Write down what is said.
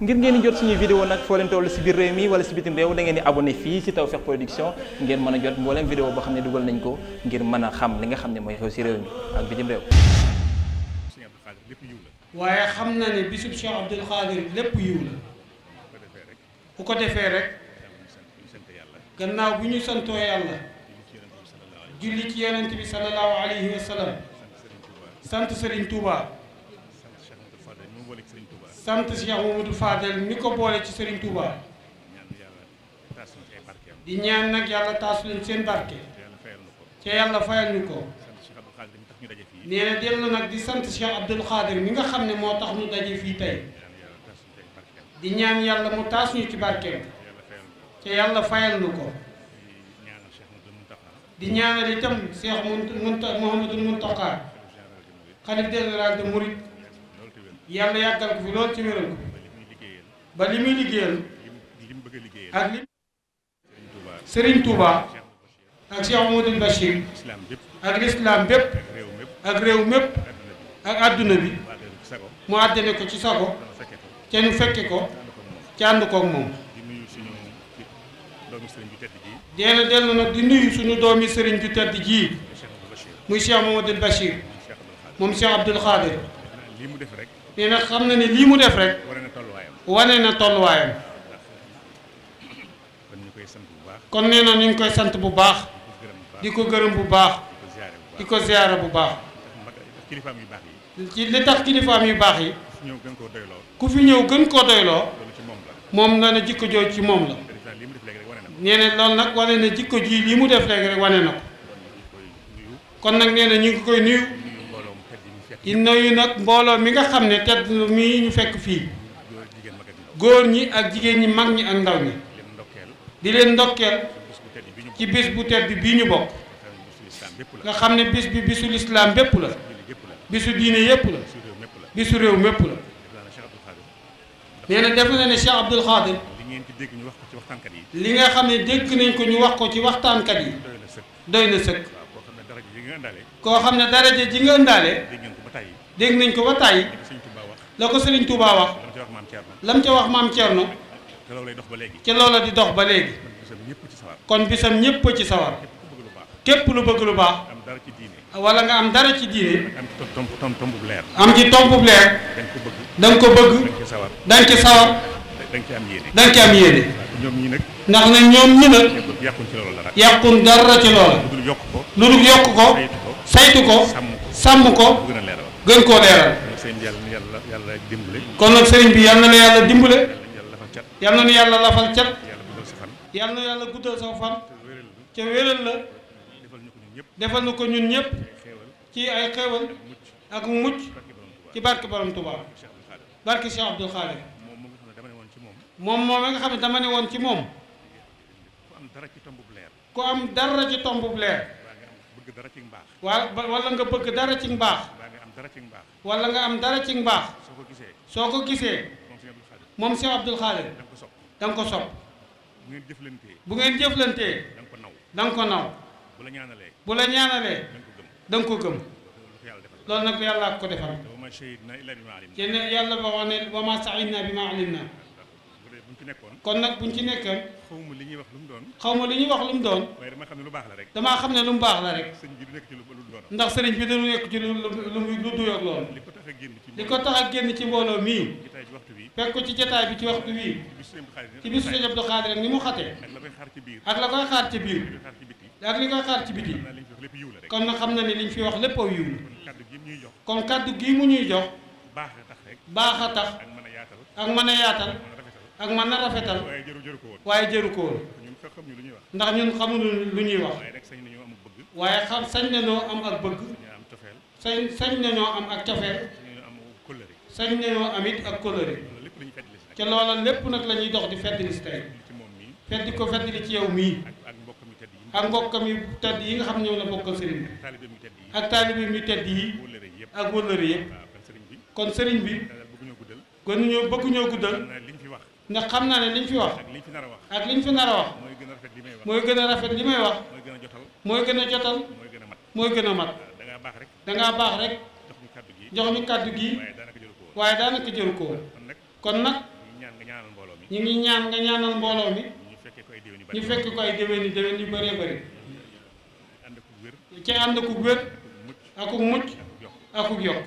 ngir ngeen di jot suñu vidéo nag foo leen toll si biir réew mi wala si bitim réew da ngeen di abonné fii si Tawfekh Production ngeen mën a jot mbooleem vidéo boo xam ne dugal nañ ko ngir mën a xam li nga xam ne mooy xew si réew mi ak bitim réew waaye xam na ne bisub Cheikh Abdoul Khadir lépp yiw la bu ko defee rek gannaaw bu ñu santoo yàlla julli ci yonent bi sallallahu alayhi wa sallam sant Serigne Touba sant Cheikh Mamadou Fadel ni ko boole ci Serigne Touba di ñaan nag yàlla taas leen seen barke ci yàlla fayal ñu ko nee na dellu nag di sant Cheikh Abdoul Khadir mi nga xam ne moo tax ñu daje fii tey di ñaan yàlla mu taas ñu ci barkeem ci yàlla fayal ñu ko di ñaanal itam Cheikh Mouhamadou Mountakha xalif général de Mouride yàlla yàggal ko fi loolu ci wéral ko ba li muy liggéeyal ak li Serigne Touba ak Cheikh Mouhamadou Bachir ak lislaam bépp ak réew mépp ak àdduna bi mu àddane ko ci sago te nu fekke ko ci ànd koog moom dee na dellu nag di nuyu suñu doomi sëriñ ju tedd jii muy Cheikh Mouhamadou Bachir moom Cheikh Abdoul Khadir lii mu def rek nee na xam na ne lii mu def rek. wane na tolluwaayam wane na tolluwaayam. kon ñu koy sant bu baax. kon nee na ñu ngi koy sant bu baax. di ko gërëm bu baax. di ko ziyaara bu baax. kilifaam yu baax yi. ci li tax kilifaam yu baax yi. ku fi ñëw gën koo doyloo. ku fi ñëw gën koo doyloo. moom la ne jikko jooju ci moom la. nee na loolu nag wane na jikko ji lii mu def léegi rek wane na ko. kon nag nee ñu ngi koy nuyu. di nuyu nag mbooloo mi nga xam ne tedd mi ñu fekk fii góor ñi ak jigéen ñi mag ñi ak ndaw ñi di leen ndokkeel ci bis bu tedd bii ñu bokk nga xam ne bis bi bisu lislaam bépp la bisu diine yépp la bisu réew mépp la nee na def na ne Cheikh Abdoul Khadir li nga xam ne dégg nañ ko ñu wax ko ci waxtaankat yi doy na sëkk daraja ji nga ëndaale. koo xam ne daraja ji nga ëndaale. dégg nañ ko ba tàyyi. dégg nañ ko ba tàyyi. la ko Serigne Touba wax. la mu ca wax maam Thierno. ca loola di dox ba léegi. ba léegi. kon bisam ñëpp ci sawar. képp lu bëgg lu baax. wala nga am dara ci diine. am ci tomb tomb bu leer. am ci tomb bu da nga ko bëgg. da nga ko bëgg. da nga ci sawar. da nga ci am yéene. da nga ci ndax nag ñoom ñi yàqun dara ci loola lu dul yokk ko saytu ko sàmm ko gën koo leeral kon nag sëriñ bi yal na la yàlla dimbale yal na nu yàlla lafal cat yal na yàlla guddal sa fan ca wéral la defal na ko ñun ñëpp ci ay xéewal ak mucc ci barke borom Tuubaa barke Cheikh Abdou Khadre moom moom nga xam ne dama ne woon ci moom ku am dara ci tombub leer bëgg dara ci mbaax wala nga bëgg dara ci baax wala nga am dara ci mbaax soo ko gisee soo ko gisee moom Cheikh Abdoul Khadir da ko sopp bu ngeen jëflantee bu ngeen jëflantee da nga ko naw da nga ko naw bu la ñaanalee bu la ñaanalee da nga ko gëm loolu nag yàlla ko defal te ne yàlla ba wax ne wa ma saxin naa bi ma alim na buñ ci nekkoon kon nag buñ ci nekkoon xawma li ñuy wax lu mu doon xawma li ñuy wax lu mu dama xam ne lu mu baax la rek bi du nekk ci lu lu doon ndax sëriñ bi dañu nekk ci lu lu lu duyoog loolu li ko tax a génn ci a mbooloo mii jotaay ci waxtu bi ci waxtu bii ci bisu sëriñ Abdou Khadre rek ni mu xatee ak la koy xaar ci biir ak li koy xaar ci biti kon nag xam na ne li ñu fi wax lépp aw yiw la kon kaddu gii mu ñuy jox baax a tax ak mën a yaatal ak man na rafetal waaye jëru jëru ko woon waaye jëru ko woon ndax ñun xamul lu ñuy wax waaye xam sañ nañoo am ak bëgg sañ sañ nañoo am ak cofeel sañ nañoo am it ak coloré ca loola lépp nag la ñuy dox di feddli si tey feddi ko feddli ci yow mii ak mbokkam yu tedd yi nga xam ne ñoom la bokkal sëriñ bi ak taalibe mi tedd yi ak wëllëri yëpp kon sëriñ bi gënuñoo bëgguñoo guddal ndax xam naa li liñ fi wax ak liñ fi nar wax ak liñ fi nar a wax mooy gën a rafet li may wax mooy gën a rafet li may wax mooy a jotal mooy gën a jotal mooy gën a mat mooy gën a mat da ngaa baax rek da ngaa baax rek jox ñu kàddu gii jox ñu kàddu gi waaye daanaka jëru ko kon nag ñu ngi ñaan nga ñaanal mbooloo mi ñu fekk ko ay déwén yi déwén yu bëree bëri ci ànd ku wér ak mucc ak yokk